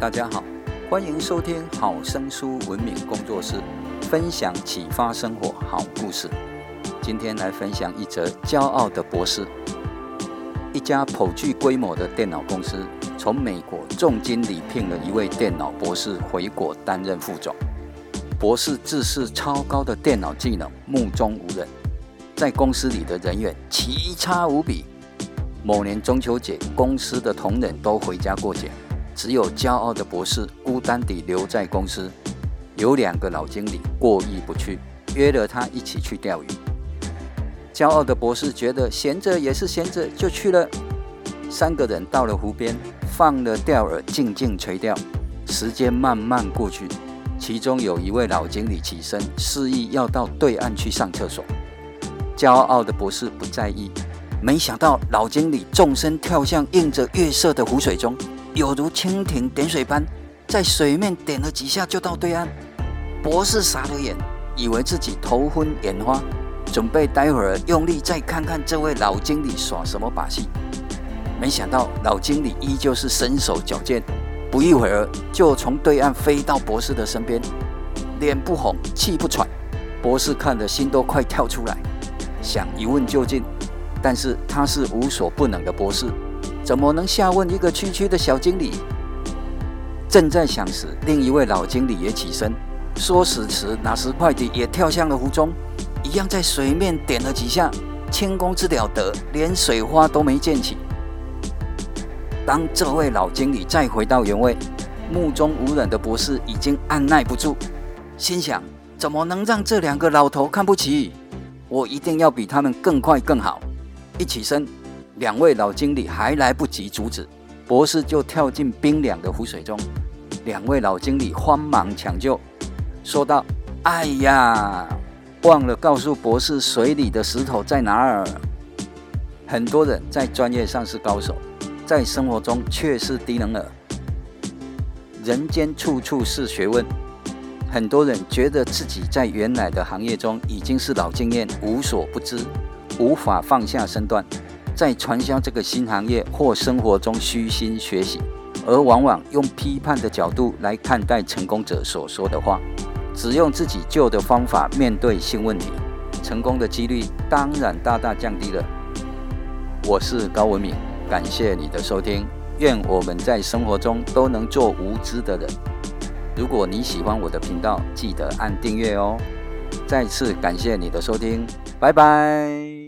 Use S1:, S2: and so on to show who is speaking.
S1: 大家好，歡迎收聽好聲書文明工作室，分享啟發生活好故事。今天來分享一則驕傲的博士。一家頗具規模的電腦公司從美國重金禮聘了一位電腦博士回國擔任副總。博士自恃超高的電腦技能，目中無人，在公司裡的人員奇差無比。某年中秋節，公司的同仁都回家過節。只有驕傲的博士孤單地留在公司，有兩個老經理過意不去，約了他一起去釣魚。驕傲的博士覺得閒着也是閒着，就去了。三個人到了湖邊，放了釣餌，靜靜垂釣。時間慢慢過去，其中有一位老經理起身，示意要到對岸去上廁所。驕傲的博士不在意。沒想到老經理縱身跳向映着月色的湖水中，有如蜻蜓點水般，在水面點了幾下就到對岸。博士傻了眼，以為自己頭昏眼花，準備待會兒用力再看看這位老經理耍什麼把戲。沒想到老經理依舊是身手矯健，不一會兒就從對岸飛到博士的身邊，臉不紅氣不喘。博士看得心都快跳出來，想一問究竟。但是他是無所不能的博士，怎麼能下問一個區區的小經理？正在想時，另一位老經理也起身，說時遲，那時快地也跳向了湖中，一樣在水面點了幾下，輕功之了得，連水花都沒濺起。當這位老經理再回到原位，目中無人的博士已經按捺不住，心想：怎麼能讓這兩個老頭看不起？我一定要比他們更快更好。一起身，兩位老經理還來不及阻止，博士就跳進冰涼的湖水中。兩位老經理慌忙搶救，說道：“哎呀，忘了告訴博士，水裡的石頭在哪兒。”很多人在專業上是高手，在生活中卻是低能兒。人間處處是學問，很多人覺得自己在原來的行業中已經是老經驗，無所不知。無法放下身段，在傳銷這個新行業或生活中虛心學習，而往往用批判的角度來看待成功者所說的話，只用自己舊的方法面對新問題，成功的幾率當然大大降低了。我是高文明，感謝你的收聽，願我們在生活中都能做無知的人。如果你喜歡我的頻道，記得按訂閱哦。再次感謝你的收聽，拜拜。